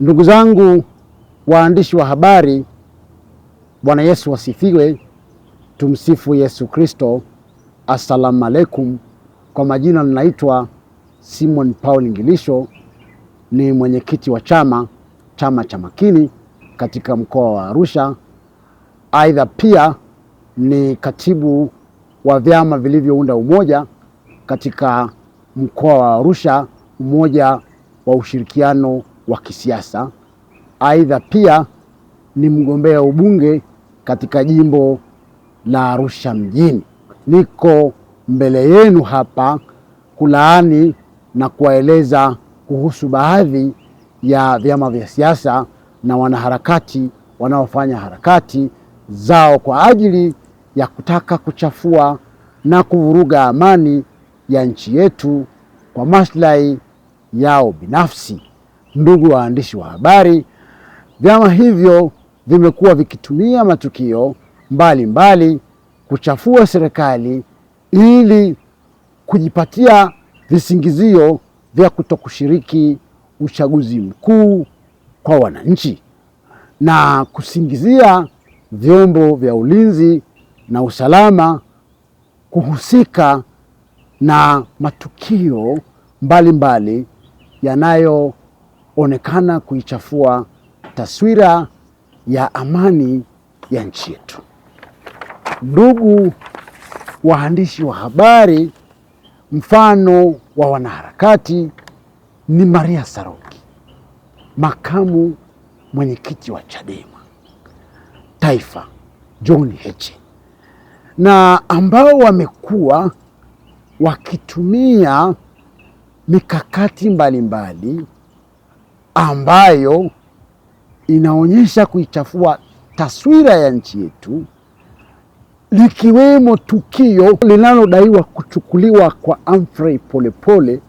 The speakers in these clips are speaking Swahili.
Ndugu zangu waandishi wa habari, Bwana Yesu wasifiwe. Tumsifu Yesu Kristo. Assalamu alaikum. Kwa majina ninaitwa Simon Paul Ngilisho, ni mwenyekiti wa chama chama cha Makini katika mkoa wa Arusha. Aidha pia ni katibu wa vyama vilivyounda umoja katika mkoa wa Arusha, umoja wa ushirikiano wa kisiasa. Aidha, pia ni mgombea ubunge katika jimbo la Arusha mjini. Niko mbele yenu hapa kulaani na kuwaeleza kuhusu baadhi ya vyama vya siasa na wanaharakati wanaofanya harakati zao kwa ajili ya kutaka kuchafua na kuvuruga amani ya nchi yetu kwa maslahi yao binafsi. Ndugu waandishi wa habari, vyama hivyo vimekuwa vikitumia matukio mbalimbali mbali kuchafua serikali ili kujipatia visingizio vya kutokushiriki uchaguzi mkuu kwa wananchi na kusingizia vyombo vya ulinzi na usalama kuhusika na matukio mbalimbali yanayo onekana kuichafua taswira ya amani ya nchi yetu. Ndugu waandishi wa habari, mfano wa wanaharakati ni Maria Saroki, makamu mwenyekiti wa Chadema Taifa John Heche, na ambao wamekuwa wakitumia mikakati mbalimbali mbali ambayo inaonyesha kuichafua taswira ya nchi yetu, likiwemo tukio linalodaiwa kuchukuliwa kwa Humphrey Polepole.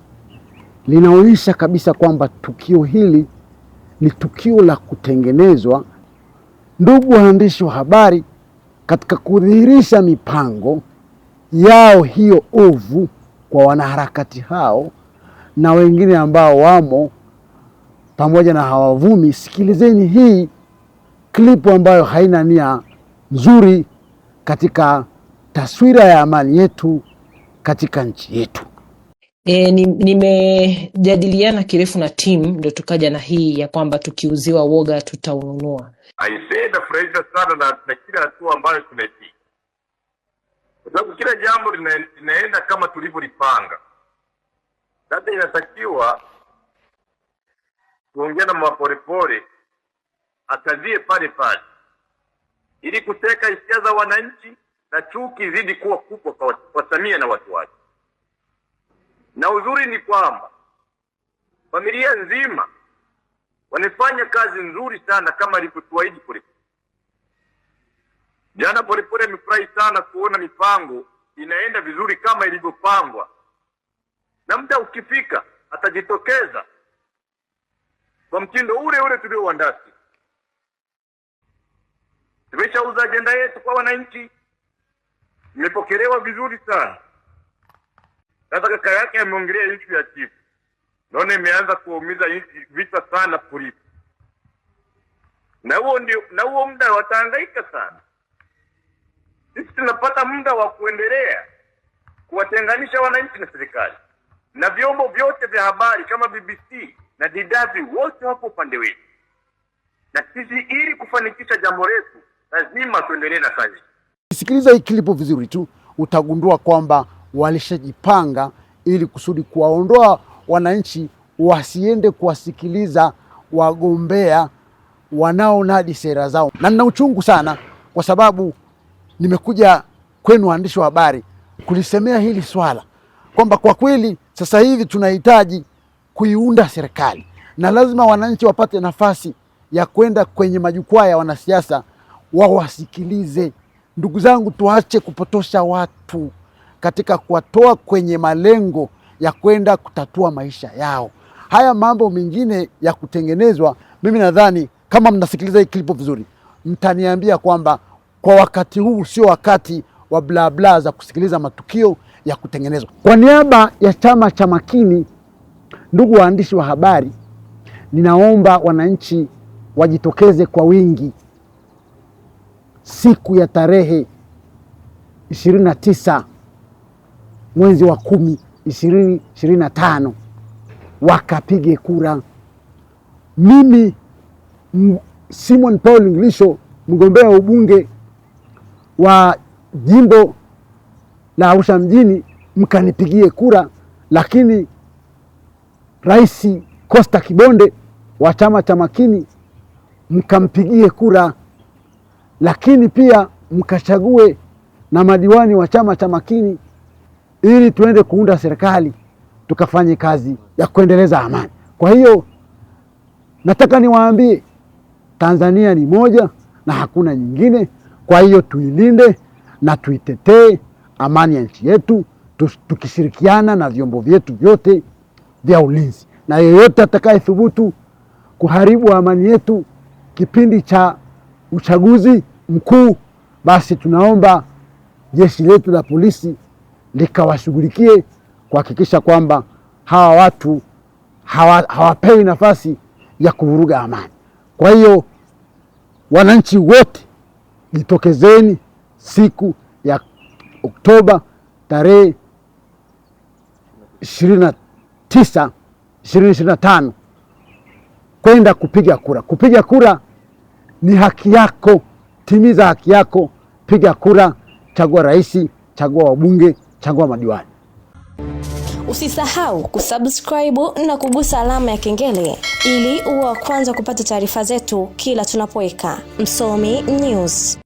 Linaonyesha kabisa kwamba tukio hili ni tukio la kutengenezwa, ndugu waandishi wa habari, katika kudhihirisha mipango yao hiyo ovu kwa wanaharakati hao na wengine ambao wamo pamoja na hawavumi, sikilizeni hii klipu ambayo haina nia nzuri katika taswira ya amani yetu katika nchi yetu. E, nimejadiliana ni kirefu na timu ndo tukaja na hii ya kwamba tukiuziwa woga tutaununua. Aisee, inafurahisha sana na, na kila hatua ambayo tumepiga, kwa sababu kila jambo linaenda kama tulivyolipanga. Sasa inatakiwa kuongea na mapolepole akazie pale pale, ili kuteka hisia za wananchi na chuki zidi kuwa kubwa kwa, kwa Samia na watu wake. Na uzuri ni kwamba familia nzima wamefanya kazi nzuri sana kama alivyotuahidi pole Jana Polepole amefurahi sana kuona mipango inaenda vizuri kama ilivyopangwa, na muda ukifika atajitokeza kwa mtindo ule ule tuliouandasi. Tumeshauza ajenda yetu kwa wananchi, imepokelewa vizuri sana. Sasa kaka yake ameongelea ishu ya chifu, naona imeanza kuumiza vita sana polisi, na huo ndio na huo muda watahangaika sana. Sisi tunapata muda wa kuendelea kuwatenganisha wananchi na serikali na vyombo vyote vya habari kama BBC na DW wote wapo upande wetu, na sisi ili kufanikisha jambo letu lazima tuendelee na kazi. Sikiliza hii klipu vizuri tu, utagundua kwamba walishajipanga ili kusudi kuwaondoa wananchi wasiende kuwasikiliza wagombea wanaonadi sera zao, na nina uchungu sana kwa sababu nimekuja kwenu waandishi wa habari kulisemea hili swala kwamba kwa kweli sasa hivi tunahitaji kuiunda serikali, na lazima wananchi wapate nafasi ya kwenda kwenye majukwaa ya wanasiasa wawasikilize. Ndugu zangu, tuache kupotosha watu katika kuwatoa kwenye malengo ya kwenda kutatua maisha yao. Haya mambo mengine ya kutengenezwa, mimi nadhani kama mnasikiliza hii klipo vizuri, mtaniambia kwamba kwa wakati huu sio wakati wa blabla za kusikiliza matukio ya kutengenezwa. Kwa niaba ya chama cha Makini Ndugu waandishi wa habari, ninaomba wananchi wajitokeze kwa wingi siku ya tarehe 29 mwezi wa kumi 2025 wakapige kura. Mimi Simon Paul Nglisho, mgombea wa ubunge wa jimbo la Arusha mjini, mkanipigie kura, lakini Rais Costa Kibonde wa chama cha Makini mkampigie kura, lakini pia mkachague na madiwani wa chama cha Makini ili tuende kuunda serikali tukafanye kazi ya kuendeleza amani. Kwa hiyo nataka niwaambie Tanzania ni moja na hakuna nyingine. Kwa hiyo tuilinde na tuitetee amani ya nchi yetu tukishirikiana na vyombo vyetu vyote vya ulinzi, na yeyote atakayethubutu kuharibu amani yetu kipindi cha uchaguzi mkuu, basi tunaomba jeshi letu la polisi likawashughulikie kuhakikisha kwamba hawa watu hawa, hawapewi nafasi ya kuvuruga amani. Kwa hiyo wananchi wote jitokezeni siku ya Oktoba tarehe ishirini tisa ishirini ishirini na tano kwenda kupiga kura. Kupiga kura ni haki yako, timiza haki yako, piga kura, chagua rais, chagua wabunge, chagua madiwani. Usisahau kusubscribe na kugusa alama ya kengele ili uwe wa kwanza kupata taarifa zetu kila tunapoweka. Msomi News.